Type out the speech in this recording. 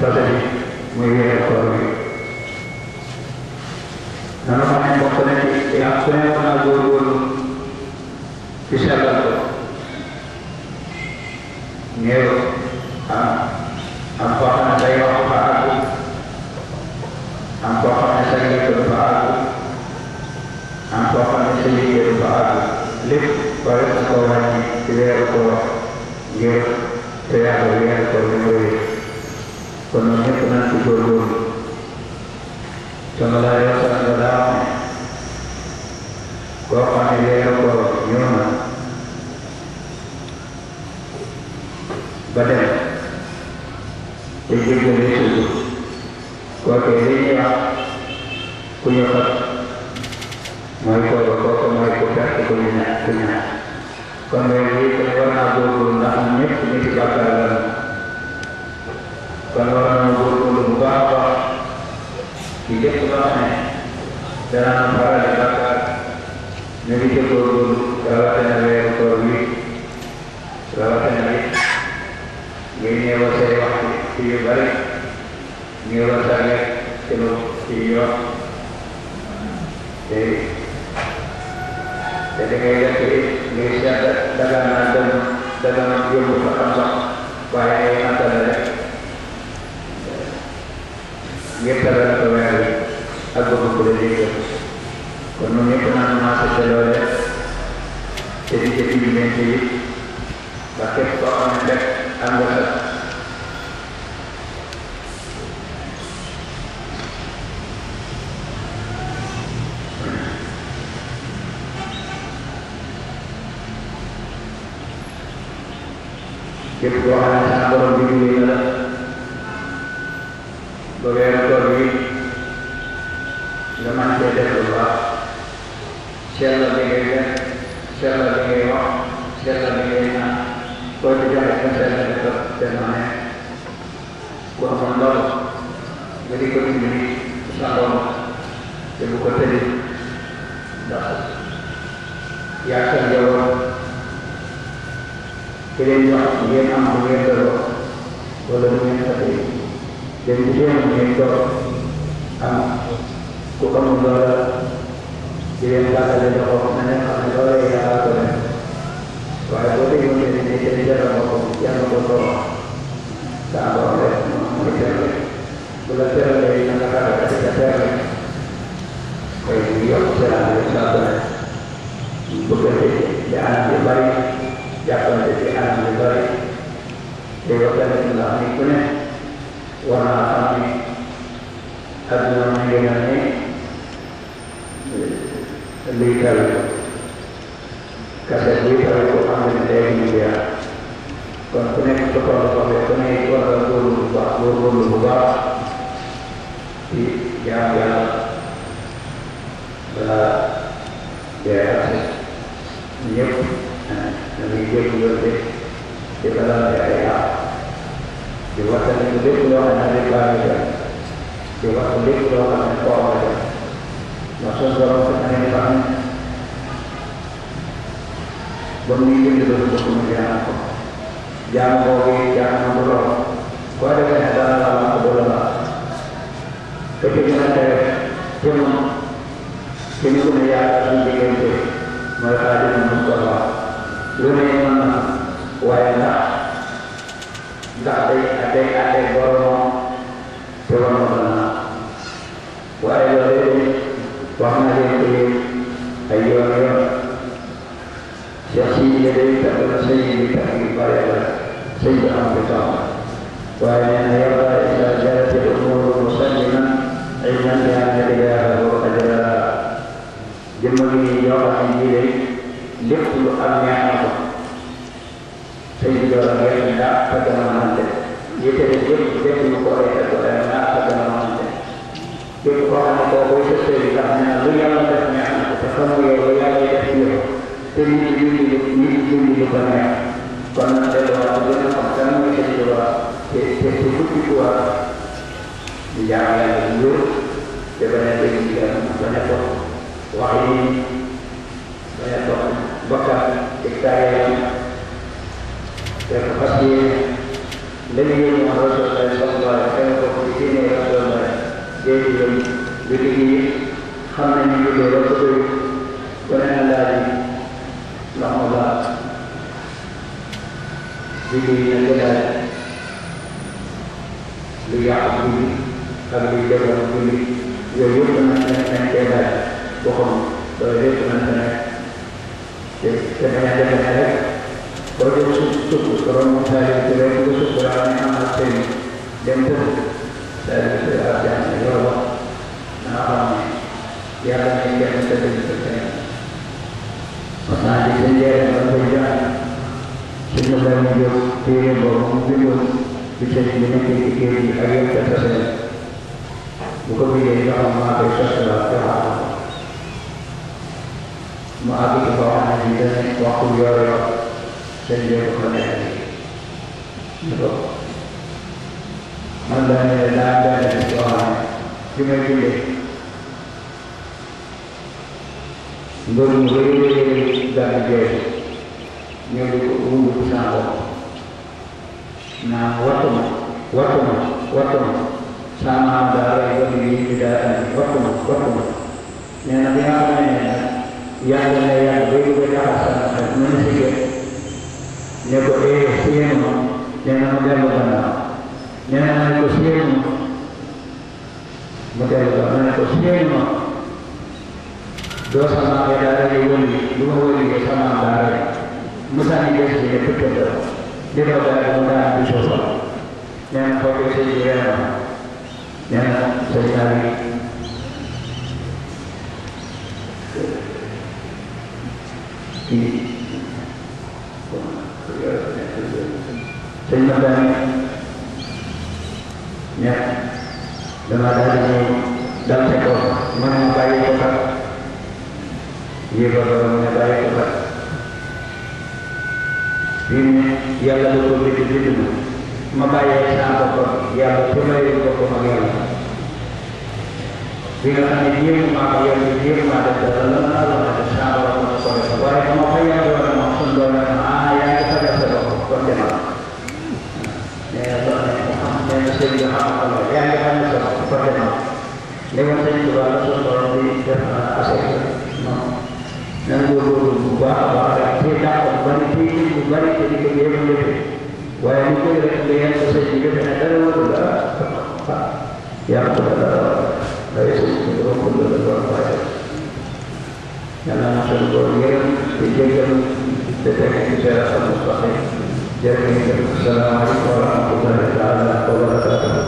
তাদের মেয়ে করবে নানান ভক্তদের এই আশ্রয় নিয়ে sebenarnya kena tidur dulu. Cuma lah yang saya tahu. Kau kami dia kau nyuma. Badan. Ibu ibu ni tu. Kau kiri dia. Punya kat. Mari kau bawa kau mari kau cari kau punya punya. Kau mengikuti orang abu abu nak nyek ini kita kalah kalau orang guru belum buka apa kita buka mana dan anak para dibakar Nabi itu guru selawat yang ada yang berkori selawat yang ada ini yang saya waktu tiga balik ini yang saya lihat kena tiga jadi jadi kaya lihat ini Malaysia dagangan dan dagangan dia bukan sama Baik, nanti ada siempre habrá que ver algo que puede decir. Con un niño que no hace celular, se dice simplemente ir, va a ser todo un efecto angular. Que tu hagas algo de tu vida, lo que siapa lebih hebat, siapa lebih siapa lebih enak. Kau juga akan saya dapat jamaah. Kau mandor, jadi kau sendiri salam. Jadi kau tadi dapat. Ya sejauh kirim jauh, dia nak mengirim jauh, boleh mengirim tadi. Jadi dia mengirim jauh, kamu kamu jauh. Dire un caso di loro, ma ne fa migliore e ha dato me. Guarda, tutti i miei miei miei miei erano confittiano con loro. Stavo a me, non mi chiedo. Sulla terra mi viene una cara che si capirà. E io non c'era, non c'era, non c'era. In tutte le vite, gli anni di Bari, gli anni di Bari, gli anni di Bari, e io per me non la mi chiedo. Buona la famiglia. Adesso non mi chiedo leader kasih leader itu ambil dari dia kalau kepala kepala itu adalah guru lupa guru lupa di yang yang dia kasih nyep nanti dia juga dia dia dalam dia dia dia buat sendiri dia keluar dari kerajaan dia buat sendiri keluar dari kerajaan Maksud dalam pertanyaan Bermimpi di kemuliaan aku Jangan bawa jangan mengurut Kau ada kenyataan dalam kebolehan Kepikiran saya Kini Kini kemuliaan Kini kemuliaan Mereka ada yang mengurut Dunia saya tak pernah saya minta pergi bayarlah saya tak nak bersama Wahai ayah, ayah, ayah, tidak mahu bersanjungan dengan yang ada Jemaah ini jauh ini dari lift ulangnya apa? Sehingga orang yang tidak pada nama anda, dia tidak boleh terus orang orang itu boleh sesuai dengan yang lu yang anda punya, tetapi kalau yang dan kepastian Lebih dari Allah SWT Liaquat मिली तकलीफ मदद मिली जो ये समझते हैं कहते हैं तो हम तो ये समझते हैं कि पहले है और जो सुस्त पुस्तकों में था जो तेरे को सुस्त कराने का मत से जंतु शायद से आप जानते हो ना हम याद नहीं कर सकते हैं पता नहीं चल जाए बंद हो जाए सुनने में जो तेरे बहुत بشكل ممكن يجري الحياة تتسلل وكل يجعل معك الشخص والقراءة معك إبراهيم الجنة وقل يا رب سيدك خلقني من لا يدع ذلك إبراهيم كما يقول لك ظلم غير ذلك يملك أمور سعادة na watu ma watu ma watu ma sama dari itu di tidak ada watu ma watu ma yang nanti apa ni yang ada yang beri beri rasa dan manusia eh, ni ko eh siapa yang nama dia bukan nama yang nama itu siapa mereka bukan nama itu siapa dosa nama dari itu dua kali sama dari Musa ni dia sendiri tu kedua. Dia pada guna dicoba Yang profesi dia Yang saya cari Saya nak Ya Dengan dari ini Dalam sektor Mana baik tetap Dia berapa menyebabkan tetap ñu ne yàlla da koo bëgg di dund ma bàyyee saa boppam yàlla su may boppam ak yàlla bi nga xam ne jéem maa ko yàlla jéem maa def dara la na la ma def saa boppam ak sore sa waaye dama ko yàlla wala ma sun doon ne ma ah yaa ngi sa def sa bopp kon dina la mais yàlla ne ma ne ma sëñ bi xam ko yaa ngi xam ne sa bopp kon dina la li nga sëñ bi wàllu sun doon di def na assez non nañ ko góorgóorlu bu baax a baax mana jadi kebiri kebiri. Wah ini kau yang kebiri sesuai jadi mana dulu sudah. Yang pada dari sisi orang pun dalam orang baik. Yang anak sudah kau dia kan tetapi kita rasa mustahil. Jadi kita selama orang pun ada dalam kebiri.